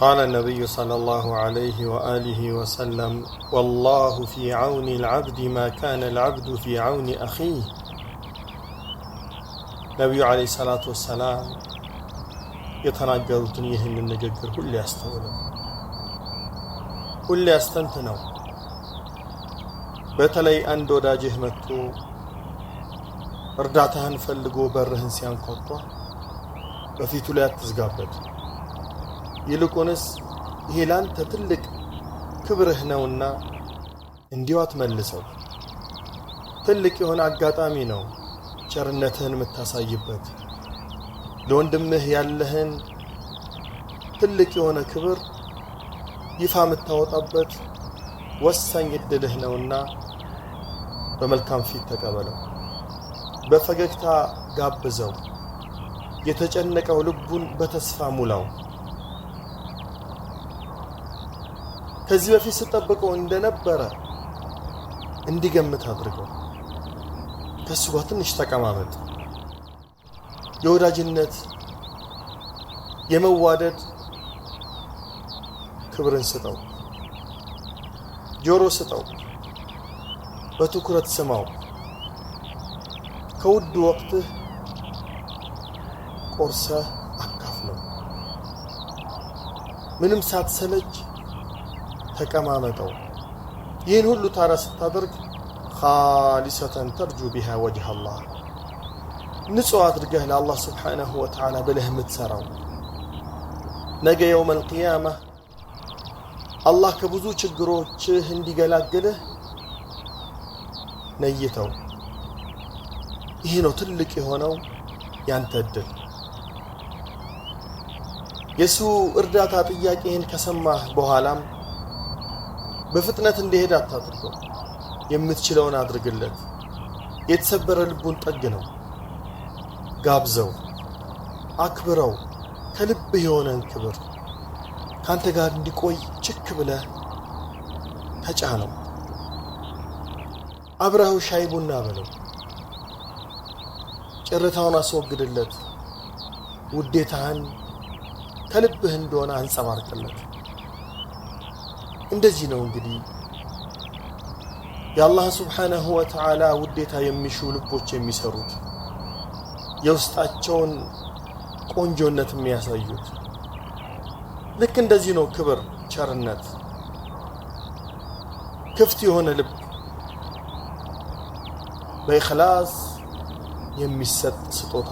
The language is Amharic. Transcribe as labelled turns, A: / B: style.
A: قال النبي صلى الله عليه وآله وسلم والله في عون العبد ما كان العبد في عون أخيه نبي عليه الصلاة والسلام يتناجل تنيه من نجدر كل يستغل كل يستنتنو بتلي أندو داجه متو ردعتهن فلقو برهن سيان قطوة وفي تلات تزقابت ይልቁንስ ይሄ ላንተ ትልቅ ክብርህ ነውና እንዲሁ አትመልሰው። ትልቅ የሆነ አጋጣሚ ነው ቸርነትህን የምታሳይበት። ለወንድምህ ያለህን ትልቅ የሆነ ክብር ይፋ የምታወጣበት ወሳኝ እድልህ ነውና በመልካም ፊት ተቀበለው፣ በፈገግታ ጋብዘው፣ የተጨነቀው ልቡን በተስፋ ሙላው። ከዚህ በፊት ስጠብቀው እንደነበረ እንዲገምት አድርገው። ከሱ ጋር ትንሽ ተቀማመጥ። የወዳጅነት የመዋደድ ክብርን ስጠው፣ ጆሮ ስጠው፣ በትኩረት ስማው። ከውድ ወቅትህ ቆርሰህ አካፍለው፣ ምንም ሳትሰለች ተቀማመጠው። ይህን ሁሉ ታራ ስታደርግ ካሊሰተን ተርጁ ቢሃ ወጅህ አላህ ንጹሕ አድርገህ ለአላህ ስብሓነሁ ወተዓላ ብለህ የምትሠራው ነገ የውም አልቅያማ አላህ ከብዙ ችግሮችህ እንዲገላግልህ ነይተው። ይህ ነው ትልቅ የሆነው ያንተ እድል። የእሱ እርዳታ ጥያቄህን ከሰማህ በኋላም በፍጥነት እንዲሄድ አታድርገው። የምትችለውን አድርግለት። የተሰበረ ልቡን ጠግ ነው። ጋብዘው፣ አክብረው፣ ከልብ የሆነን ክብር ካንተ ጋር እንዲቆይ ችክ ብለህ ተጫነው። አብረኸው ሻይ ቡና በለው። ጭርታውን አስወግድለት። ውዴታህን ከልብህ እንደሆነ አንጸባርቅለት። እንደዚህ ነው እንግዲህ የአላህ ስብሓነሁ ወተዓላ ውዴታ የሚሹ ልቦች የሚሰሩት የውስጣቸውን ቆንጆነት የሚያሳዩት። ልክ እንደዚህ ነው ክብር፣ ቸርነት፣ ክፍት የሆነ ልብ በኢኽላስ የሚሰጥ ስጦታ